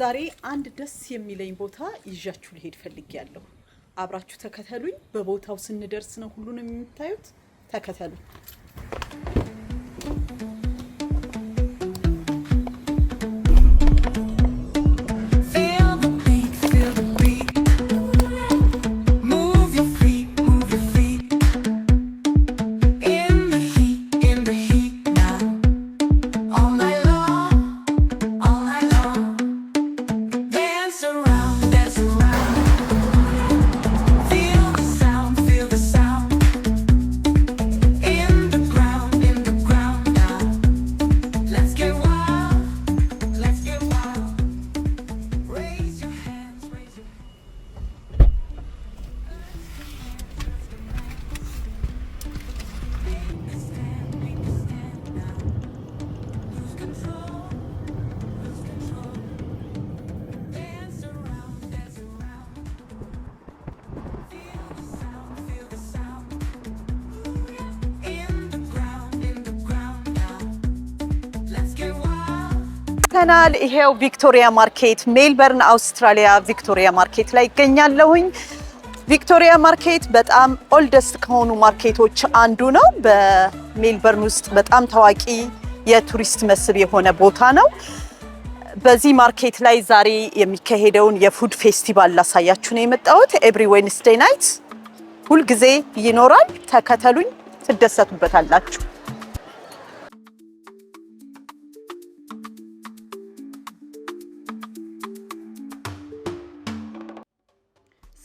ዛሬ አንድ ደስ የሚለኝ ቦታ ይዣችሁ ልሄድ ፈልጊያለሁ። አብራችሁ ተከተሉኝ። በቦታው ስንደርስ ነው ሁሉንም የምታዩት። ተከተሉኝ። ተገናኝተናል። ይሄው ቪክቶሪያ ማርኬት ሜልበርን አውስትራሊያ ቪክቶሪያ ማርኬት ላይ ይገኛለሁኝ። ቪክቶሪያ ማርኬት በጣም ኦልደስት ከሆኑ ማርኬቶች አንዱ ነው። በሜልበርን ውስጥ በጣም ታዋቂ የቱሪስት መስህብ የሆነ ቦታ ነው። በዚህ ማርኬት ላይ ዛሬ የሚካሄደውን የፉድ ፌስቲቫል ላሳያችሁ ነው የመጣሁት። ኤቭሪ ዌንስዴይ ናይት ሁልጊዜ ይኖራል። ተከተሉኝ፣ ትደሰቱበታላችሁ።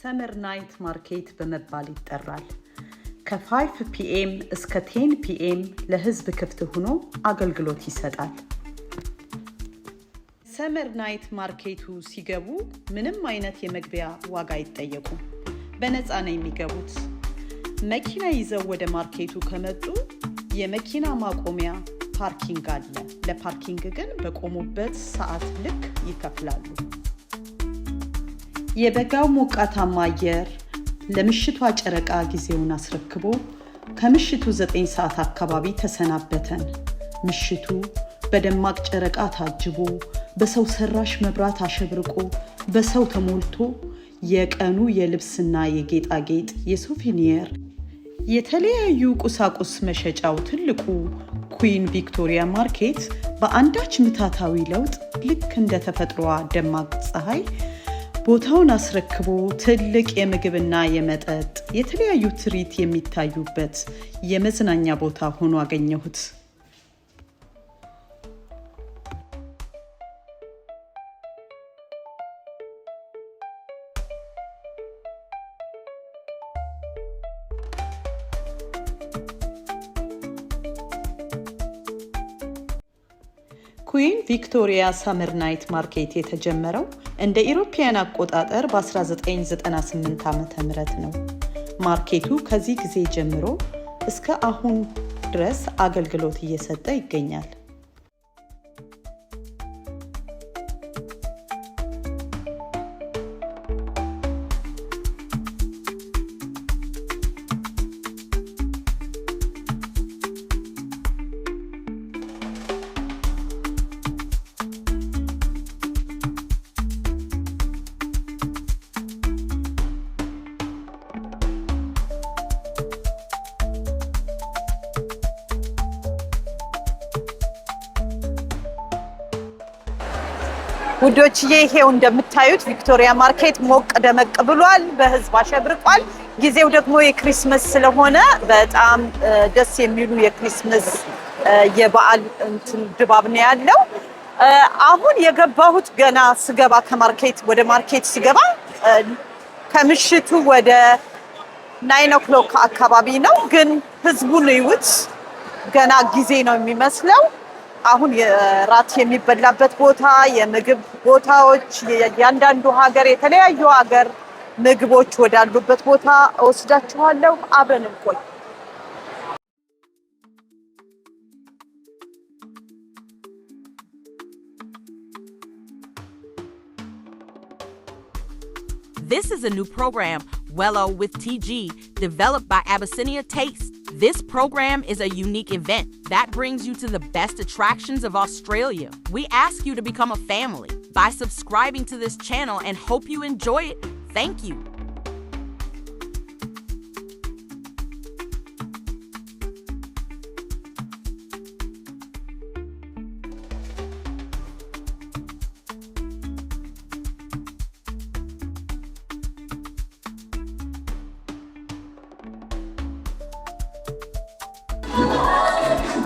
ሰመር ናይት ማርኬት በመባል ይጠራል። ከ5 ፒኤም እስከ 10 ፒኤም ለህዝብ ክፍት ሆኖ አገልግሎት ይሰጣል። ሰመር ናይት ማርኬቱ ሲገቡ ምንም አይነት የመግቢያ ዋጋ አይጠየቁም። በነፃ ነው የሚገቡት። መኪና ይዘው ወደ ማርኬቱ ከመጡ የመኪና ማቆሚያ ፓርኪንግ አለ። ለፓርኪንግ ግን በቆሙበት ሰዓት ልክ ይከፍላሉ። የበጋው ሞቃታማ አየር ለምሽቷ ጨረቃ ጊዜውን አስረክቦ ከምሽቱ ዘጠኝ ሰዓት አካባቢ ተሰናበተን። ምሽቱ በደማቅ ጨረቃ ታጅቦ በሰው ሰራሽ መብራት አሸብርቆ በሰው ተሞልቶ የቀኑ የልብስና የጌጣጌጥ የሱቪኒየር የተለያዩ ቁሳቁስ መሸጫው ትልቁ ኩዊን ቪክቶሪያ ማርኬት በአንዳች ምታታዊ ለውጥ ልክ እንደ ደማቅ ፀሐይ ቦታውን አስረክቦ ትልቅ የምግብና የመጠጥ የተለያዩ ትርኢት የሚታዩበት የመዝናኛ ቦታ ሆኖ አገኘሁት። ኩዊን ቪክቶሪያ ሳምር ናይት ማርኬት የተጀመረው እንደ ኢሮፓያን አቆጣጠር በ1998 ዓ ም ነው። ማርኬቱ ከዚህ ጊዜ ጀምሮ እስከ አሁን ድረስ አገልግሎት እየሰጠ ይገኛል። ውዶችዬ ይሄው እንደምታዩት ቪክቶሪያ ማርኬት ሞቅ ደመቅ ብሏል፣ በህዝብ አሸብርቋል። ጊዜው ደግሞ የክሪስመስ ስለሆነ በጣም ደስ የሚሉ የክሪስመስ የበዓል እንትን ድባብ ነው ያለው። አሁን የገባሁት ገና ስገባ ከማርኬት ወደ ማርኬት ስገባ ከምሽቱ ወደ ናይን ኦክሎክ አካባቢ ነው፣ ግን ህዝቡን ይዩት ገና ጊዜ ነው የሚመስለው አሁን የራት የሚበላበት ቦታ፣ የምግብ ቦታዎች እያንዳንዱ ሀገር የተለያዩ ሀገር ምግቦች ወዳሉበት ቦታ እወስዳችኋለሁ። አብረን እንቆይ። This is a new program, Wello with TG, developed by Abyssinia Taste. This program is a unique event that brings you to the best attractions of Australia. We ask you to become a family by subscribing to this channel and hope you enjoy it. Thank you.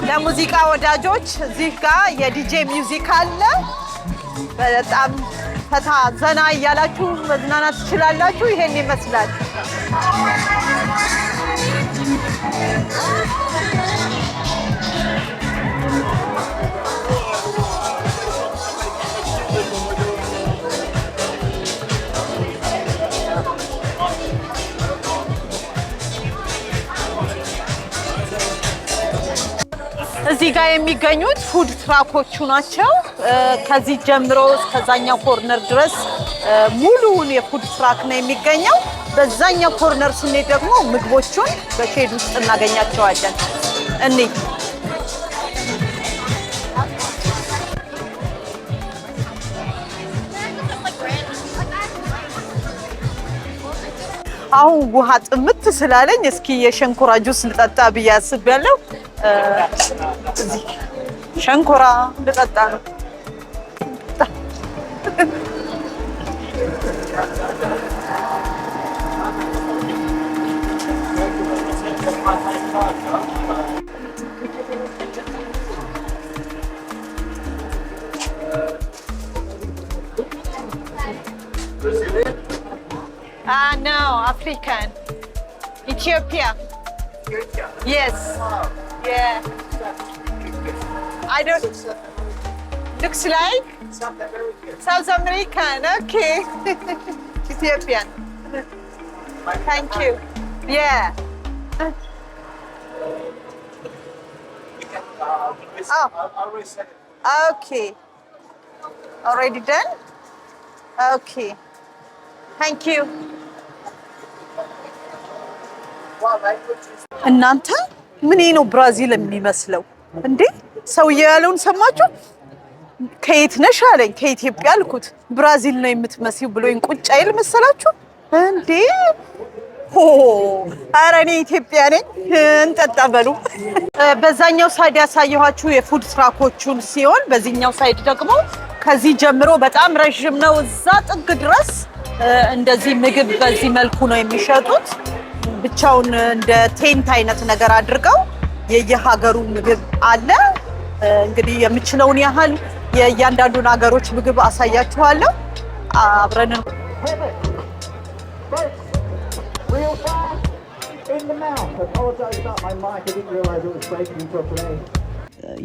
ለሙዚቃ ወዳጆች እዚህ ጋር የዲጄ ሚውዚክ አለ። በጣም ፈታ ዘና እያላችሁ መዝናናት ትችላላችሁ። ይሄን ይመስላል። እዚህ ጋር የሚገኙት ፉድ ትራኮቹ ናቸው። ከዚህ ጀምሮ እስከዛኛው ኮርነር ድረስ ሙሉውን የፉድ ትራክ ነው የሚገኘው። በዛኛው ኮርነር ስኔ ደግሞ ምግቦቹን በሼድ ውስጥ እናገኛቸዋለን። እኔ አሁን ውሃ ጥምት ስላለኝ እስኪ የሸንኮራ ጁስ ልጠጣ ብዬ አስቤያለሁ። እዚህ ሸንኮራ ልጠጣ ነው። Ah, no, African. Ethiopia. Ethiopia. Yes. Wow. Yeah. I don't. Looks like South American. South American. Okay. Ethiopian. Thank you. Yeah. Oh. Okay. Already done? Okay. Thank you. Ananta? ምን ነው ብራዚል የሚመስለው እንዴ? ሰውዬው ያለውን ሰማችሁ? ከየት ነሽ አለኝ። ከኢትዮጵያ አልኩት። ብራዚል ነው የምትመስይው ብሎኝ ቁጭ አይል መሰላችሁ እንዴ? ሆ ኧረ እኔ ኢትዮጵያ ነኝ። እንጠጣ በሉ። በዛኛው ሳይድ ያሳየኋችሁ የፉድ ትራኮቹን ሲሆን በዚህኛው ሳይድ ደግሞ ከዚህ ጀምሮ በጣም ረዥም ነው፣ እዛ ጥግ ድረስ እንደዚህ ምግብ በዚህ መልኩ ነው የሚሸጡት። ብቻውን እንደ ቴንት አይነት ነገር አድርገው የየሀገሩ ምግብ አለ። እንግዲህ የምችለውን ያህል የእያንዳንዱን ሀገሮች ምግብ አሳያችኋለሁ። አብረን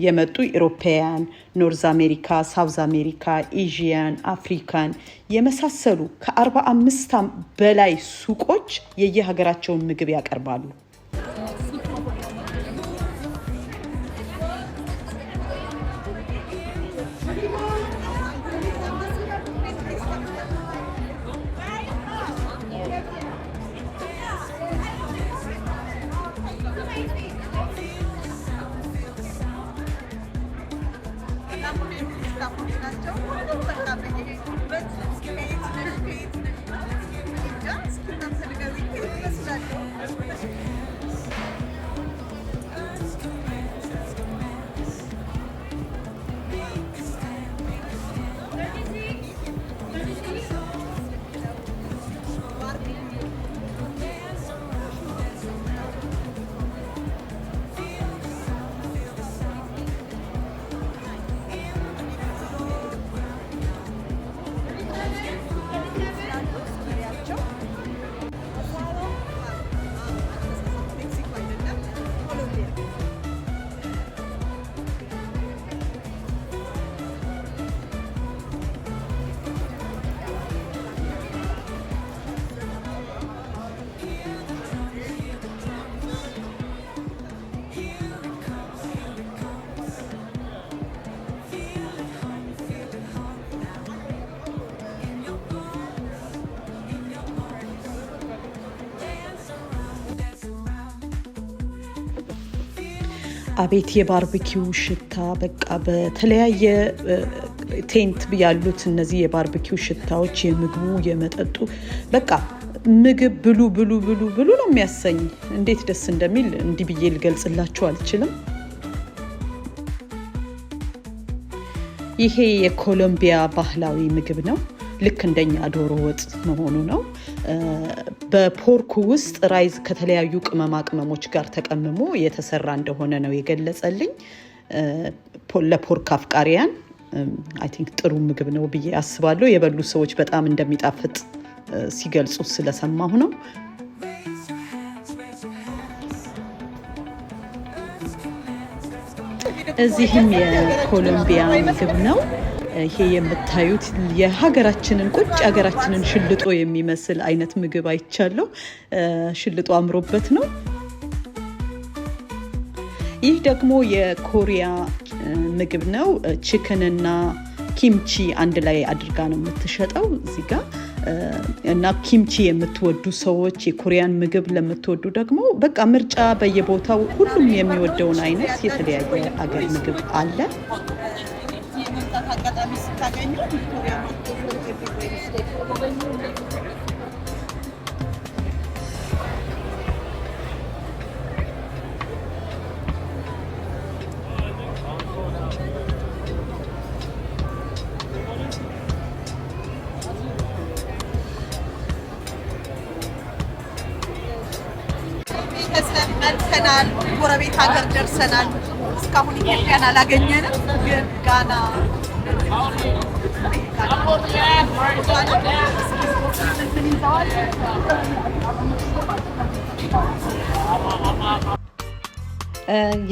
የመጡ ኢሮፓያን፣ ኖርዝ አሜሪካ፣ ሳውዝ አሜሪካ፣ ኤዥያን፣ አፍሪካን የመሳሰሉ ከአርባ አምስት በላይ ሱቆች የየሀገራቸውን ምግብ ያቀርባሉ። አቤት የባርቢኪው ሽታ በቃ በተለያየ ቴንት ያሉት እነዚህ የባርቢኪው ሽታዎች የምግቡ የመጠጡ በቃ ምግብ ብሉ ብሉ ብሉ ብሉ ነው የሚያሰኝ። እንዴት ደስ እንደሚል እንዲህ ብዬ ልገልጽላችሁ አልችልም። ይሄ የኮሎምቢያ ባህላዊ ምግብ ነው። ልክ እንደኛ ዶሮ ወጥ መሆኑ ነው። በፖርኩ ውስጥ ራይዝ ከተለያዩ ቅመማ ቅመሞች ጋር ተቀምሞ የተሰራ እንደሆነ ነው የገለጸልኝ። ለፖርክ አፍቃሪያን አይ ቲንክ ጥሩ ምግብ ነው ብዬ አስባለሁ። የበሉ ሰዎች በጣም እንደሚጣፍጥ ሲገልጹ ስለሰማሁ ነው። እዚህም የኮሎምቢያ ምግብ ነው። ይሄ የምታዩት የሀገራችንን ቁጭ ሀገራችንን ሽልጦ የሚመስል አይነት ምግብ አይቻለሁ። ሽልጦ አምሮበት ነው። ይህ ደግሞ የኮሪያ ምግብ ነው። ችክንና ኪምቺ አንድ ላይ አድርጋ ነው የምትሸጠው እዚህ ጋር እና ኪምቺ የምትወዱ ሰዎች የኮሪያን ምግብ ለምትወዱ ደግሞ በቃ ምርጫ በየቦታው ሁሉም የሚወደውን አይነት የተለያየ አገር ምግብ አለ። አጋጣሚ ስታገኙ ቪክቶሪያ ጎረቤት ሀገር ደርሰናል። እስካሁን ኢትዮጵያን አላገኘንም፣ ግን ጋና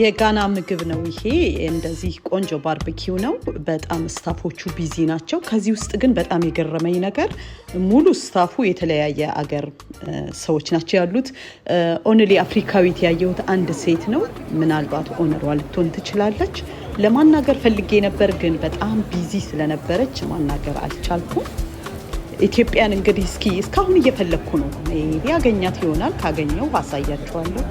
የጋና ምግብ ነው ይሄ። እንደዚህ ቆንጆ ባርበኪው ነው። በጣም ስታፎቹ ቢዚ ናቸው። ከዚህ ውስጥ ግን በጣም የገረመኝ ነገር ሙሉ ስታፉ የተለያየ አገር ሰዎች ናቸው ያሉት። ኦንሊ አፍሪካዊት ያየሁት አንድ ሴት ነው። ምናልባት ኦነሯ ልትሆን ትችላለች። ለማናገር ፈልጌ ነበር፣ ግን በጣም ቢዚ ስለነበረች ማናገር አልቻልኩም። ኢትዮጵያን እንግዲህ እስኪ እስካሁን እየፈለግኩ ነው። ያገኛት ይሆናል ካገኘው አሳያችኋለሁ።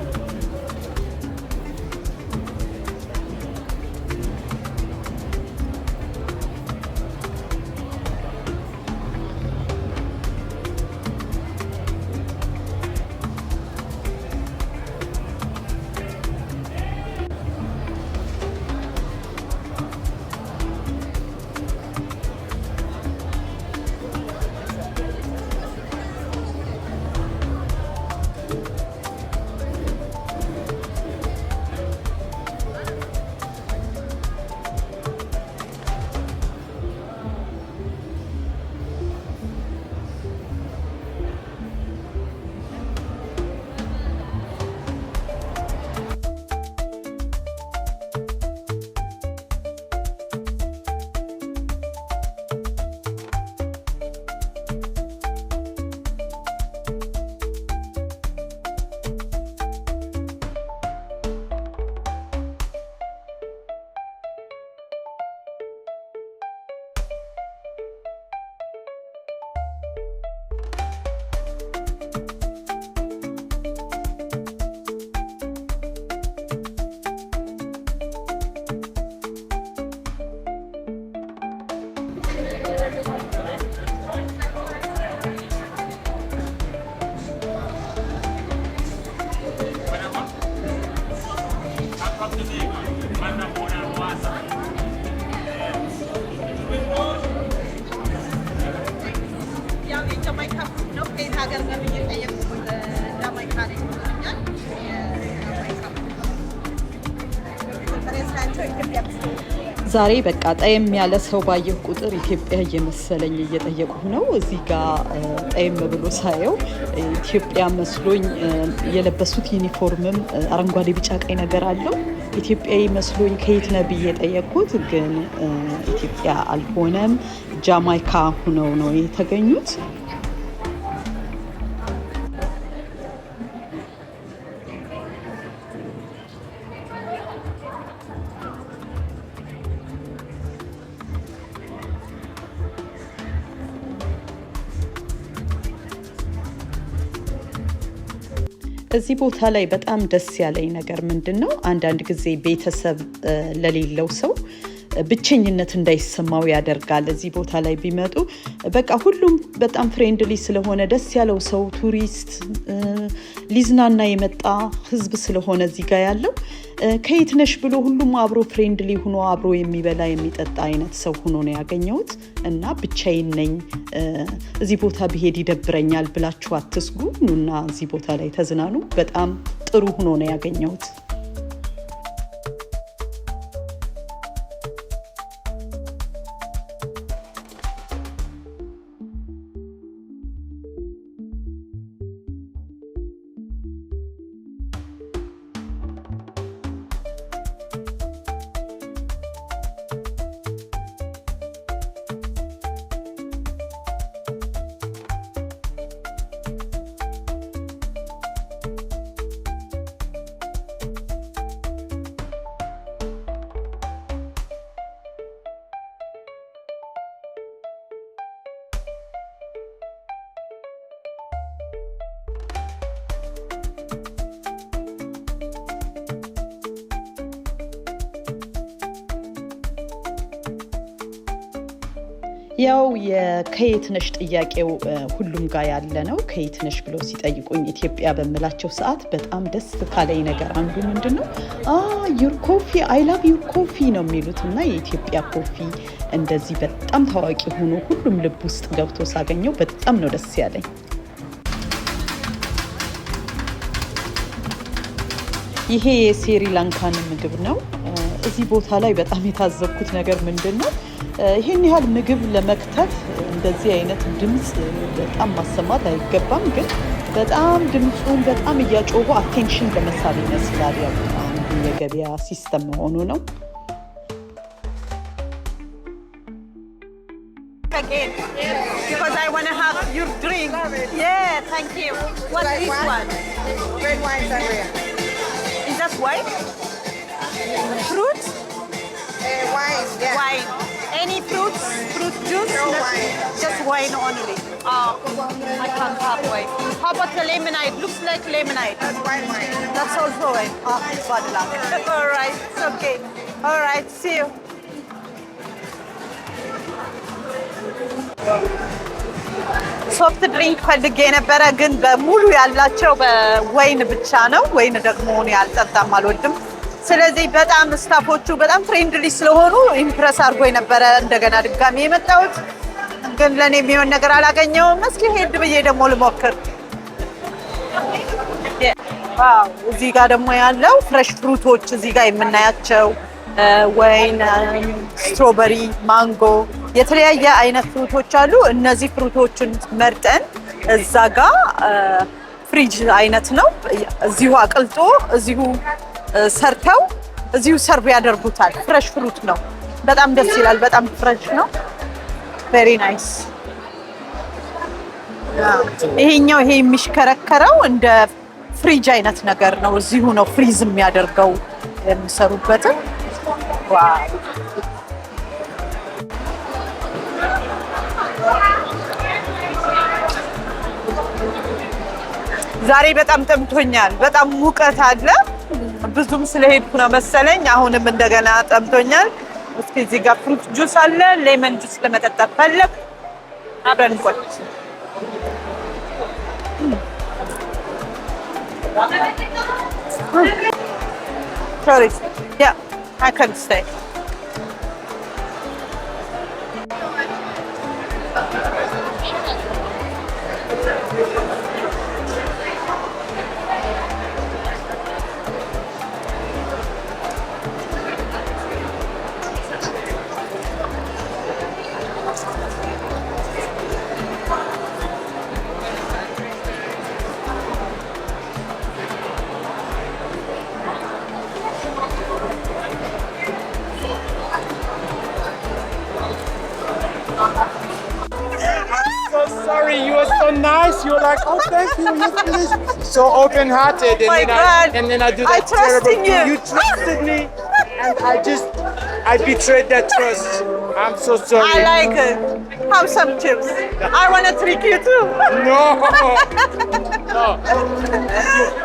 ሀገር ዛሬ በቃ ጠየም ያለ ሰው ባየሁ ቁጥር ኢትዮጵያ እየመሰለኝ እየጠየቁ ነው። እዚህ ጋር ጠየም ብሎ ሳየው ኢትዮጵያ መስሎኝ የለበሱት ዩኒፎርምም አረንጓዴ፣ ቢጫ፣ ቀይ ነገር አለው። ኢትዮጵያዊ መስሎኝ ከየት ነው ብዬ የጠየቅኩት፣ ግን ኢትዮጵያ አልሆነም ጃማይካ ሁነው ነው የተገኙት። እዚህ ቦታ ላይ በጣም ደስ ያለኝ ነገር ምንድን ነው? አንዳንድ ጊዜ ቤተሰብ ለሌለው ሰው ብቸኝነት እንዳይሰማው ያደርጋል። እዚህ ቦታ ላይ ቢመጡ በቃ ሁሉም በጣም ፍሬንድሊ ስለሆነ ደስ ያለው ሰው ቱሪስት ሊዝናና የመጣ ህዝብ ስለሆነ እዚህ ጋር ያለው ከየት ነሽ ብሎ ሁሉም አብሮ ፍሬንድሊ ሆኖ አብሮ የሚበላ የሚጠጣ አይነት ሰው ሆኖ ነው ያገኘሁት እና ብቻዬን ነኝ እዚህ ቦታ ብሄድ ይደብረኛል ብላችሁ አትስጉ። ኑና እዚህ ቦታ ላይ ተዝናኑ። በጣም ጥሩ ሆኖ ነው ያገኘሁት። ያው ከየትነሽ ጥያቄው ሁሉም ጋር ያለ ነው። ከየትነሽ ብሎ ሲጠይቁኝ ኢትዮጵያ በምላቸው ሰዓት በጣም ደስ ካለኝ ነገር አንዱ ምንድን ነው ዩር ኮፊ አይ ላቭ ዩር ኮፊ ነው የሚሉት እና የኢትዮጵያ ኮፊ እንደዚህ በጣም ታዋቂ ሆኖ ሁሉም ልብ ውስጥ ገብቶ ሳገኘው በጣም ነው ደስ ያለኝ። ይሄ የስሪላንካን ምግብ ነው። እዚህ ቦታ ላይ በጣም የታዘብኩት ነገር ምንድን ነው ይህን ያህል ምግብ ለመክተፍ እንደዚህ አይነት ድምፅ በጣም ማሰማት አይገባም፣ ግን በጣም ድምፁን በጣም እያጮሁ አቴንሽን ለመሳብ ይመስላል ያ አንዱ የገበያ ሲስተም መሆኑ ነው። Is Fruit? Uh, wine, yeah. Wine. Any fruits, fruit juice? No wine. Just wine only. Oh, I can't have wine. How about the lemonade? Looks like lemonade. That's white wine. That's also wine. Oh, bad luck. All right, it's okay. All right, see you. ሶፍት ድሪንክ ፈልጌ የነበረ ግን በሙሉ ያላቸው በወይን ብቻ ነው። ወይን ደግሞ እኔ አልጠጣም፣ አልወድም። ስለዚህ በጣም ስታፎቹ በጣም ፍሬንድሊ ስለሆኑ ኢምፕረስ አድርጎ የነበረ እንደገና ድጋሚ የመጣሁት ግን ለእኔ የሚሆን ነገር አላገኘውም። እስኪ ሄድ ብዬ ደግሞ ልሞክር። እዚህ ጋር ደግሞ ያለው ፍሬሽ ፍሩቶች እዚህ ጋር የምናያቸው ወይን፣ ስትሮበሪ፣ ማንጎ የተለያየ አይነት ፍሩቶች አሉ። እነዚህ ፍሩቶችን መርጠን እዛ ጋር ፍሪጅ አይነት ነው እዚሁ አቅልጦ እዚሁ ሰርተው እዚሁ ሰርቭ ያደርጉታል። ፍረሽ ፍሩት ነው። በጣም ደስ ይላል። በጣም ፍረሽ ነው። ቬሪ ናይስ። ይሄኛው ይሄ የሚሽከረከረው እንደ ፍሪጅ አይነት ነገር ነው። እዚሁ ነው ፍሪዝ የሚያደርገው የሚሰሩበትን ዛሬ በጣም ጠምቶኛል። በጣም ሙቀት አለ። ብዙም ስለሄድኩ ነው መሰለኝ አሁንም እንደገና ጠምቶኛል። እስኪ እዚህ ጋር ፍሩት ጁስ አለ፣ ሌመን ጁስ ለመጠጣት ፈለግ አብረን ቆይ ሶሪ ያ አይ ካንት ስቴይ thank you. You're so open-hearted, oh and, My then God. I, and then I do I that trust terrible thing. you. You trusted me, and I just I betrayed that trust. I'm so sorry. I like it. Have some chips. I want to trick you too. No. No.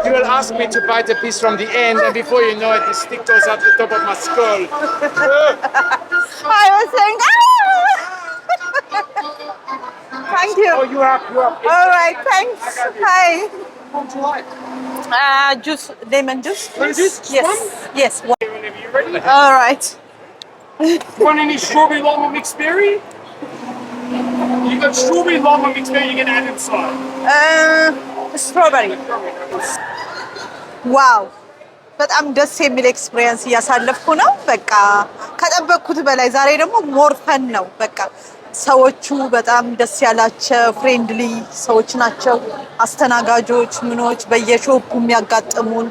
You, will ask me to bite a piece from the end, and before you know it, the stick goes at the top of my skull. I was saying. Ah! thank you. Oh, you're you're All right, thanks. Hi. What do you like? Uh, juice, lemon juice. Lemon juice? Just yes. One? Yes. One. Whenever you're ready. All right. Want any strawberry llama mixed berry? You got strawberry llama mixed berry you can add inside. Uh, strawberry. ዋው በጣም ደስ የሚል ኤክስፒሪየንስ እያሳለፍኩ ነው። በቃ ከጠበቅኩት በላይ ዛሬ ደግሞ more than ነው በቃ ሰዎቹ በጣም ደስ ያላቸው ፍሬንድሊ ሰዎች ናቸው። አስተናጋጆች ምኖች በየሾፑ የሚያጋጥሙን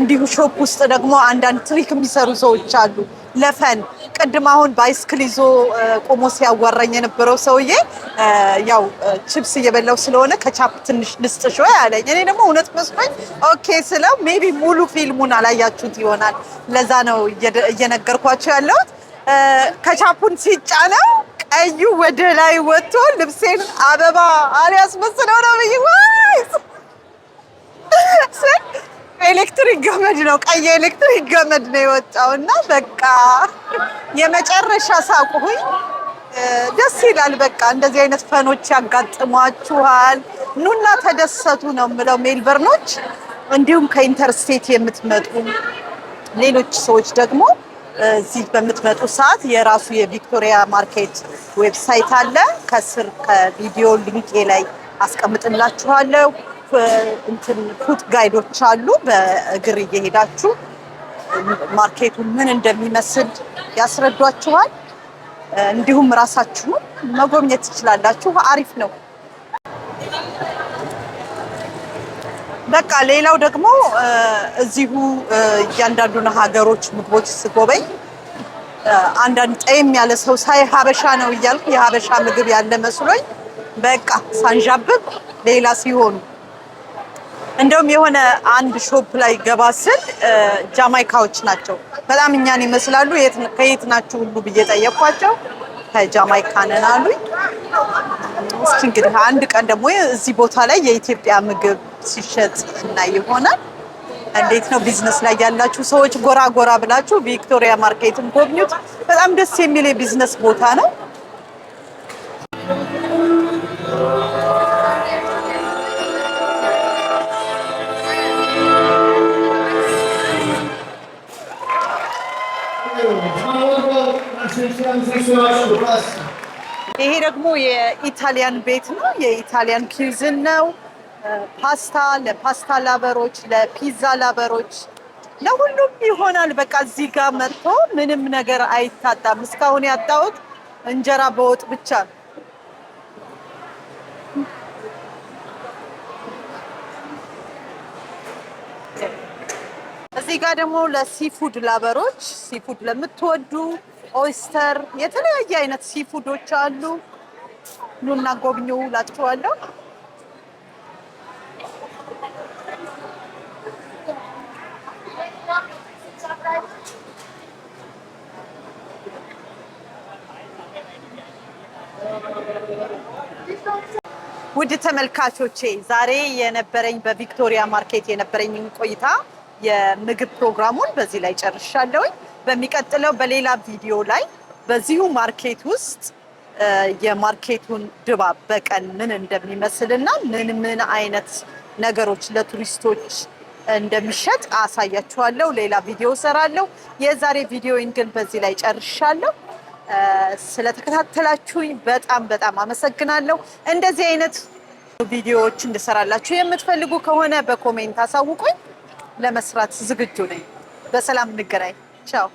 እንዲሁ ሾፕ ውስጥ ደግሞ አንዳንድ ትሪክ የሚሰሩ ሰዎች አሉ። ለፈን ቅድም አሁን ባይስክል ይዞ ቆሞ ሲያዋራኝ የነበረው ሰውዬ ያው ችፕስ እየበላው ስለሆነ ከቻፕ ትንሽ ልስጥሽ ወይ እኔ ደግሞ እውነት መስሎኝ ኦኬ ስለው ሜቢ ሙሉ ፊልሙን አላያችሁት ይሆናል። ለዛ ነው እየነገርኳቸው ያለሁት። ከቻፑን ሲጫነው ቀዩ ወደ ላይ ወጥቶ ልብሴን አበባ አሪያስ ነው ብዬ ኤሌክትሪክ ገመድ ነው ቀይ ኤሌክትሪክ ገመድ ነው የወጣው እና በቃ የመጨረሻ ሳቁሁኝ። ደስ ይላል። በቃ እንደዚህ አይነት ፈኖች ያጋጥሟችኋል። ኑና ተደሰቱ ነው የምለው ሜልበርኖች። እንዲሁም ከኢንተርስቴት የምትመጡ ሌሎች ሰዎች ደግሞ እዚህ በምትመጡ ሰዓት የራሱ የቪክቶሪያ ማርኬት ዌብሳይት አለ። ከስር ከቪዲዮ ሊንኬ ላይ አስቀምጥላችኋለሁ። እንትን ፉት ጋይዶች አሉ። በእግር እየሄዳችሁ ማርኬቱ ምን እንደሚመስል ያስረዷችኋል። እንዲሁም ራሳችሁን መጎብኘት ትችላላችሁ። አሪፍ ነው። በቃ ሌላው ደግሞ እዚሁ እያንዳንዱን ሀገሮች ምግቦች ስጎበኝ አንዳንድ ጠይም ያለ ሰው ሳይ ሀበሻ ነው እያልኩ የሀበሻ ምግብ ያለ መስሎኝ በቃ ሳንዣብብ ሌላ ሲሆኑ እንደውም የሆነ አንድ ሾፕ ላይ ገባ ስል ጃማይካዎች ናቸው። በጣም እኛን ይመስላሉ። ከየት ናችሁ ሁሉ ብዬ ጠየኳቸው። ከጃማይካ ነን አሉኝ። እስኪ እንግዲህ አንድ ቀን ደግሞ እዚህ ቦታ ላይ የኢትዮጵያ ምግብ ሲሸጥ እና ይሆናል። እንዴት ነው ቢዝነስ ላይ ያላችሁ ሰዎች ጎራ ጎራ ብላችሁ ቪክቶሪያ ማርኬትን ጎብኙት። በጣም ደስ የሚል የቢዝነስ ቦታ ነው። ይሄ ደግሞ የኢታሊያን ቤት ነው። የኢታሊያን ኪዝን ነው ፓስታ ለፓስታ ላበሮች፣ ለፒዛ ላበሮች፣ ለሁሉም ይሆናል። በቃ እዚህ ጋር መጥቶ ምንም ነገር አይታጣም። እስካሁን ያጣሁት እንጀራ በወጥ ብቻ ነው። እዚህ ጋር ደግሞ ለሲፉድ ላበሮች፣ ሲፉድ ለምትወዱ ኦይስተር፣ የተለያየ አይነት ሲፉዶች አሉ። ኑና ጎብኙ ላችኋለሁ። ተመልካቾቼ ዛሬ የነበረኝ በቪክቶሪያ ማርኬት የነበረኝ ቆይታ የምግብ ፕሮግራሙን በዚህ ላይ ጨርሻለሁኝ። በሚቀጥለው በሌላ ቪዲዮ ላይ በዚሁ ማርኬት ውስጥ የማርኬቱን ድባብ በቀን ምን እንደሚመስል ና ምን ምን አይነት ነገሮች ለቱሪስቶች እንደሚሸጥ አሳያችኋለሁ። ሌላ ቪዲዮ እሰራለሁ። የዛሬ ቪዲዮን ግን በዚህ ላይ ጨርሻለሁ። ስለተከታተላችሁኝ በጣም በጣም አመሰግናለሁ። እንደዚህ አይነት ቪዲዮዎች እንድሰራላችሁ የምትፈልጉ ከሆነ በኮሜንት አሳውቁኝ። ለመስራት ዝግጁ ነኝ። በሰላም እንገናኝ። ቻው